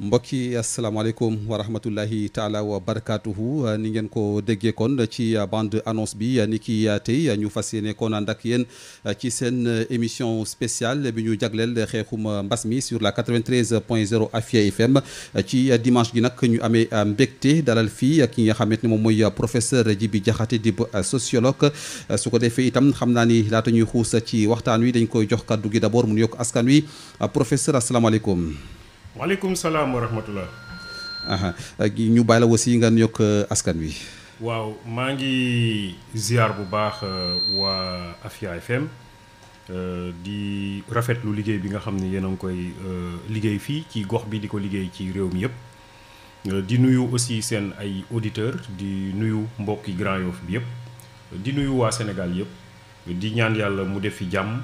mbokk yi asalaamaaleykum wa rahmatullahi taala wa barakaatuhu euh, ni ngeen ko déggee kon ci bande annonce bi euh, ni ki euh, tey ñu fas yéene kon ànd ak yéen ci seen émission spéciale bi ñu jagleel xeexum mbas mi sur la 93 point 0 Afia FM ci dimanche gi nag ñu amee mbégte dalal fii ki nga xamante ne moom mooy professeur bi jaxate di sociologue su ko defee itam xam naa ni laata ñuy xuusa ci waxtaan wi dañ koy jox kàddu gi d'abord mu yokk askan wi professeur asalaamaaleykum. waaleykum salaam wa rahmatullah. ñu bàyyi la aussi nga yokk euh, askan wi. waaw maa ngi ziar bu baax euh, waa Afia FM euh, di rafetlu liggéey bi nga xam ne yéen a ngi koy liggéey fii ci gox bi di ko liggéey ci réew mi yëpp. di nuyu aussi seen ay auditeurs di nuyu mbokki Grand Yoff bi yëpp di nuyu waa Sénégal yëpp di ñaan yàlla mu def fi jàmm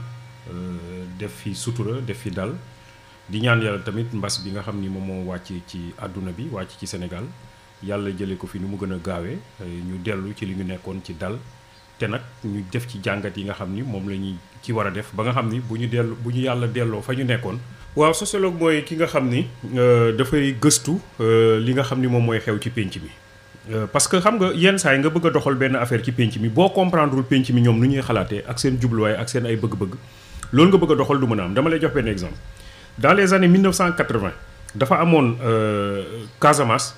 def fi sutura def fi dal. di ñaan yàlla tamit mbas bi nga xam ni moom moo wàcc ci àdduna bi wàcc ci Sénégal yàlla jëlee ko fi nu mu gën a gaawee eh, ñu dellu ci li ñu nekkoon ci dal te nag ñu def ci jàngat yi nga xam ni moom la ñu ci war def ba nga xam ni bu ñu dellu bu ñu yàlla delloo fa ñu nekkoon. waaw sociologue mooy ki nga xam ni eh, dafay gëstu eh, li nga xam ni moom mooy xew ci pénc mi. parce que xam nga yenn saa yi nga bëgg doxal benn affaire ci pénc mi boo comprendrewul pénc mi ñoom nu ñuy xalaatee ak seen jubluwaay ak seen ay bëgg-bëgg loolu nga bëgg a doxal du mën a am dama lay jox benn exemple. dans les années 1980 dafa amoon euh, Casamance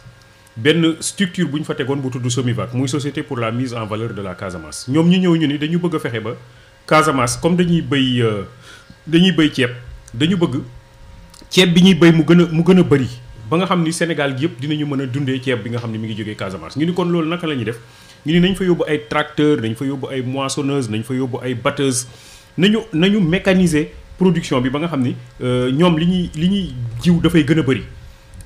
benn structure bu ñu fa tegoon bu tudd SOMIVAC muy société pour la mise en valeur de la Casamance ñoom ñu ñëw ñu ni dañu bëgg fexe ba Casamance comme dañuy béy euh, dañuy béy ceeb dañu bëgg ceeb bi ñuy béy mu gën a mu gën a bëri ba nga xam ni Sénégal gi yëpp dinañu mën a dundee ceeb bi nga xam ni mi ngi jógee Casamance ñu ni kon loolu naka la def ñu ni nañ fa yóbbu ay tracteur nañ fa yóbbu ay moissonneuse nañ fa yóbbu ay batteuse nañu nañu mécaniser production bi ba nga xam ni euh, ñoom li ñuy li ñuy jiw dafay gën a bëri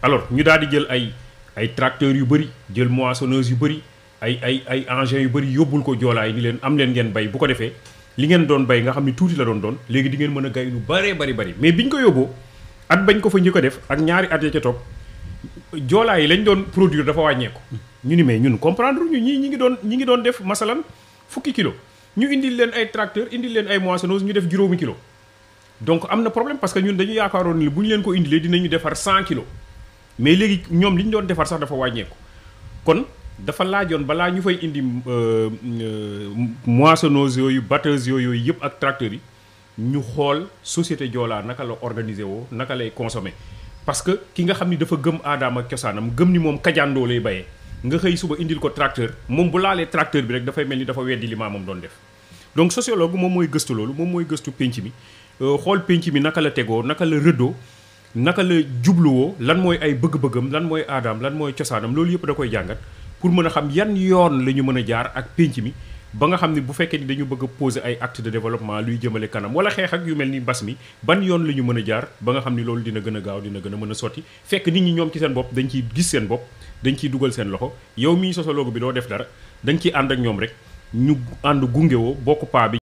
alors ñu daal di jël ay ay tracteurs yu bëri jël moissonneuses yu bëri ay ay ay engins yu bari yóbbul ko joolaay ni leen am leen ngeen bay bu ko defee li ngeen doon bay nga xam ni tuuti la doon doon léegi di mën a gay lu bëree bari bari mais biñ ko yóbboo at bañ ko fa ñu def ak ñaari at ya ca topp joolaa yi lañ doon produire dafa wàññeeku ñu ni mais ñun comprendre ñu ñii ñi ngi doon ñi ngi doon def masalan fukki kilo ñu indil leen ay tracteur indil leen ay moissonneuse ñu def juróomi kilo donc am na problème parce que ñun dañu yaakaaroon ni bu ñu leen ko indilee dinañu defar 100 kilos mais léegi ñoom li ñu doon defar sax dafa wàññeeku kon dafa laajoon balaa ñu fay indi euh, euh, moissonneuses yooyu batteuses yooyu yëpp ak tracteurs yi ñu xool société joolaa naka la organiser woo naka lay consommer parce que ki nga xam ni dafa gëm aadaam ak cosaanam gëm ni moom kajandoo lay baye nga xëy suba indil ko tracteur moom bu laalee tracteur bi rek dafay mel ni dafa weddi li maamam doon def donc sociologue moom mooy gëstu moom mooy gëstu pénc mi Euh, xool pénc mi naka la tegoo naka la rëddoo naka la jubluwoo lan mooy ay bëgg-bëggam lan mooy aadaam lan mooy cosaanam loolu yëpp da koy jàngat pour mën a xam yan yoon la ñu mën a jaar ak pénc mi ba nga xam ni bu fekkee dañu bëgg a ay acte luy jëmale kanam wala xeex ak yu mel ni mbas mi ban yoon la ñu mën a jaar ba nga xam ni loolu dina gën gaaw dina gën a mën a fekk nit ñi ñoom ci seen bopp dañ ciy gis seen bopp dañ ciy dugal seen loxo yow mii sociologue bi doo def dara dañ ciy ànd ak ñoom rek ñu ànd gungewoo bokk paa bi